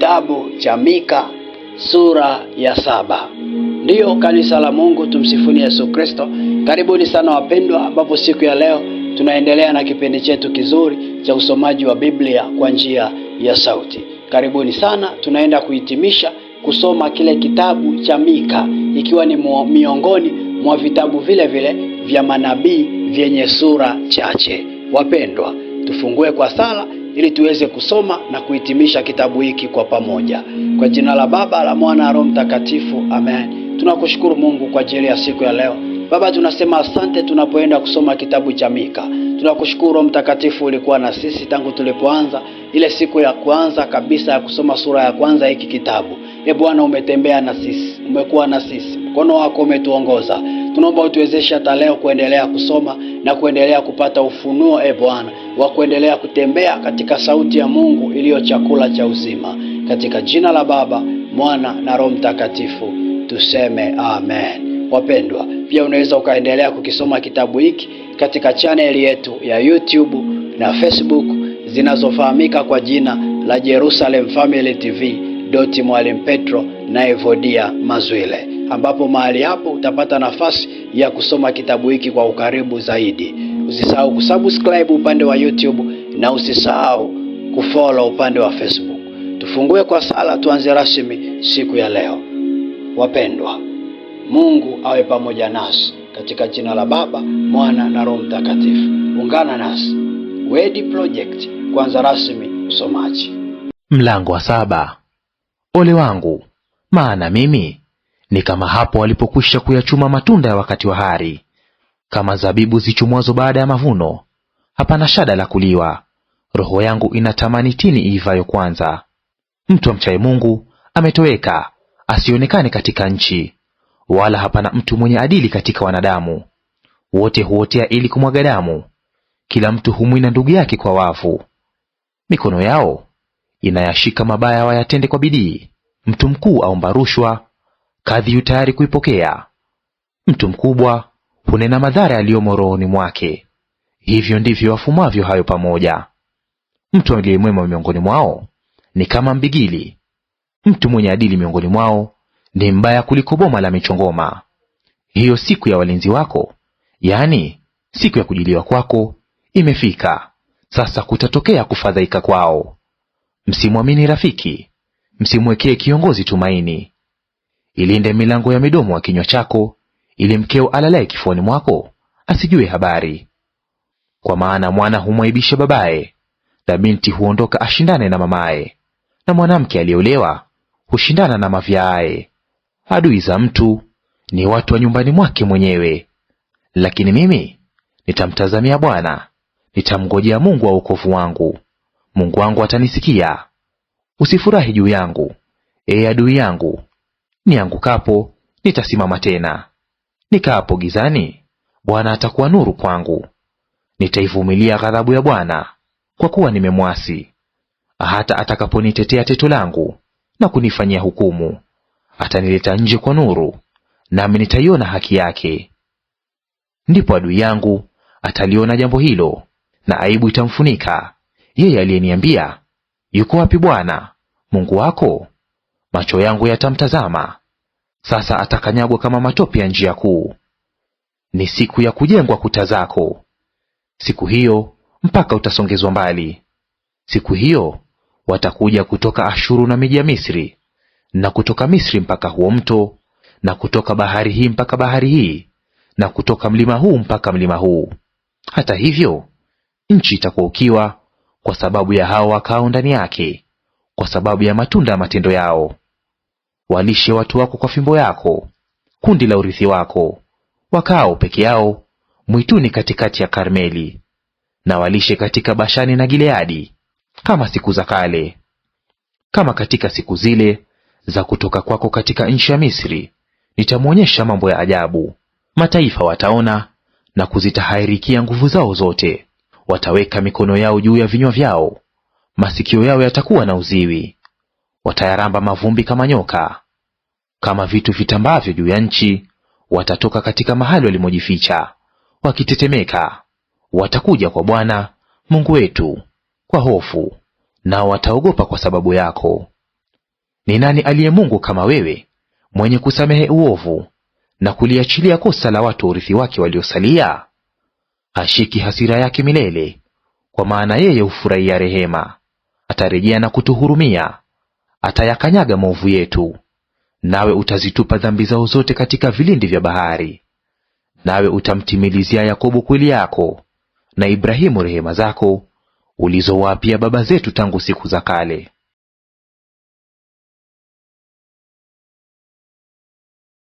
kitabu cha Mika sura ya saba. Ndiyo kanisa la Mungu, tumsifuni Yesu Kristo. Karibuni sana wapendwa, ambapo siku ya leo tunaendelea na kipindi chetu kizuri cha usomaji wa Biblia kwa njia ya sauti. Karibuni sana, tunaenda kuhitimisha kusoma kile kitabu cha Mika, ikiwa ni miongoni mwa vitabu vile vile vya manabii vyenye sura chache. Wapendwa, tufungue kwa sala ili tuweze kusoma na kuhitimisha kitabu hiki kwa pamoja. Kwa jina la Baba la Mwana na Roho Mtakatifu, amen. Tunakushukuru Mungu kwa ajili ya siku ya leo. Baba, tunasema asante tunapoenda kusoma kitabu cha Mika. Tunakushukuru Roho Mtakatifu, ulikuwa na sisi tangu tulipoanza ile siku ya kwanza kabisa ya kusoma sura ya kwanza hiki kitabu. E Bwana, umetembea na sisi, umekuwa na sisi, mkono wako umetuongoza. Tunaomba utuwezeshe hata leo kuendelea kusoma na kuendelea kupata ufunuo, e Bwana, wa kuendelea kutembea katika sauti ya Mungu iliyo chakula cha uzima, katika jina la Baba, Mwana na Roho Mtakatifu tuseme amen. Wapendwa, pia unaweza ukaendelea kukisoma kitabu hiki katika chaneli yetu ya YouTube na Facebook zinazofahamika kwa jina la Jerusalem Family TV doti Mwalimu Petro na Evodia Mazwile ambapo mahali hapo utapata nafasi ya kusoma kitabu hiki kwa ukaribu zaidi. Usisahau kusubscribe upande wa YouTube na usisahau kufollow upande wa Facebook. Tufungue kwa sala, tuanze rasmi siku ya leo. Wapendwa, Mungu awe pamoja nasi katika jina la Baba, Mwana na Roho Mtakatifu. Ungana nasi Wedi Project kwanza rasmi usomaji Mlango wa saba. Ole wangu maana mimi ni kama hapo walipokwisha kuyachuma matunda ya wakati wa hari, kama zabibu zichumwazo baada ya mavuno, hapana shada la kuliwa. Roho yangu inatamani tini iivayo kwanza. Mtu amchaye Mungu ametoweka, asionekane katika nchi, wala hapana mtu mwenye adili katika wanadamu. Wote huotea ili kumwaga damu, kila mtu humwina ndugu yake kwa wavu. Mikono yao inayashika mabaya, wayatende kwa bidii. Mtu mkuu aomba rushwa kadhi yu tayari kuipokea. Mtu mkubwa hunena madhara yaliyomo rohoni mwake, hivyo ndivyo wafumavyo hayo pamoja. Mtu aliye mwema miongoni mwao ni kama mbigili, mtu mwenye adili miongoni mwao ni mbaya kuliko boma la michongoma. Hiyo siku ya walinzi wako, yaani siku ya kujiliwa kwako, imefika; sasa kutatokea kufadhaika kwao. Msimwamini rafiki, msimwekee kiongozi tumaini, Ilinde milango ya midomo wa kinywa chako, ili mkeo alalaye kifuani mwako asijue habari. Kwa maana mwana humwaibisha babaye, na binti huondoka ashindane na mamaye, na mwanamke aliyeolewa hushindana na mavyaaye. Adui za mtu ni watu wa nyumbani mwake mwenyewe, lakini mimi nitamtazamia Bwana, nitamngojea Mungu wa wokovu wangu. Mungu wangu atanisikia. Usifurahi juu yangu, ee adui yangu, niangukapo nitasimama tena. Nikaapo gizani, Bwana atakuwa nuru kwangu. Nitaivumilia ghadhabu ya Bwana, kwa kuwa nimemwasi. Hata atakaponitetea teto langu na kunifanyia hukumu, atanileta nje kwa nuru, nami nitaiona haki yake. Ndipo adui yangu ataliona jambo hilo, na aibu itamfunika; yeye aliyeniambia, yuko wapi Bwana Mungu wako? macho yangu yatamtazama; sasa atakanyagwa kama matope ya njia kuu. Ni siku ya kujengwa kuta zako; siku hiyo mpaka utasongezwa mbali. Siku hiyo watakuja kutoka Ashuru na miji ya Misri, na kutoka Misri mpaka huo mto, na kutoka bahari hii mpaka bahari hii, na kutoka mlima huu mpaka mlima huu. Hata hivyo nchi itakuwa ukiwa, kwa sababu ya hao wakao ndani yake, kwa sababu ya matunda ya matendo yao. Walishe watu wako kwa fimbo yako, kundi la urithi wako, wakao peke yao mwituni katikati ya Karmeli. Na walishe katika Bashani na Gileadi kama siku za kale, kama katika siku zile za kutoka kwako katika nchi ya Misri. Nitamwonyesha mambo ya ajabu. Mataifa wataona na kuzitahairikia nguvu zao zote. Wataweka mikono yao juu ya vinywa vyao, masikio yao yatakuwa na uziwi watayaramba mavumbi kama nyoka, kama vitu vitambavyo juu ya nchi. Watatoka katika mahali walimojificha, wakitetemeka. Watakuja kwa Bwana Mungu wetu kwa hofu, nao wataogopa kwa sababu yako. Ni nani aliye Mungu kama wewe, mwenye kusamehe uovu na kuliachilia kosa la watu urithi wake waliosalia? Hashiki hasira yake milele, kwa maana yeye hufurahia rehema. Atarejea na kutuhurumia, atayakanyaga maovu yetu, nawe utazitupa dhambi zao zote katika vilindi vya bahari. Nawe utamtimilizia Yakobo kweli yako na Ibrahimu rehema zako ulizowaapia baba zetu tangu siku za kale.